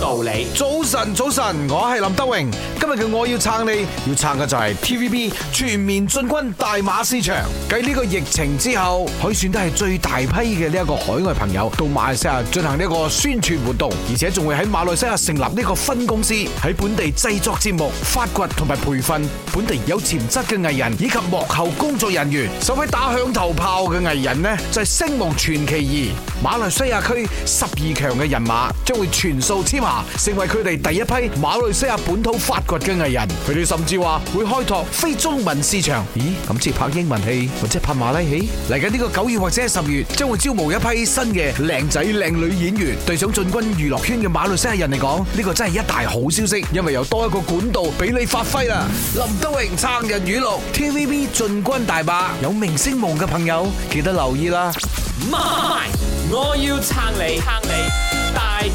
道理，早晨早晨，我係林德榮，今日嘅我要撐你，要撐嘅就係 TVB 全面進軍大馬市場。繼呢個疫情之後，可以算得係最大批嘅呢一個海外朋友到馬來西亞進行呢一個宣傳活動，而且仲會喺馬來西亞成立呢個分公司，喺本地製作節目、發掘同埋培訓本地有潛質嘅藝人以及幕後工作人員。首位打響頭炮嘅藝人呢，就係《聲夢傳奇二》馬來西亞區十二強嘅人馬，將會全數簽。成為佢哋第一批馬來西亞本土發掘嘅藝人，佢哋甚至話會開拓非中文市場。咦，咁似拍英文戲，或者拍馬拉戲？嚟緊呢個九月或者十月，將會招募一批新嘅靚仔靚女演員。對想進軍娛樂圈嘅馬來西亞人嚟講，呢個真係一大好消息，因為有多一個管道俾你發揮啊。林德榮撐人語錄，TVB 進軍大馬，有明星夢嘅朋友，記得留意啦。我要撐你，撐你。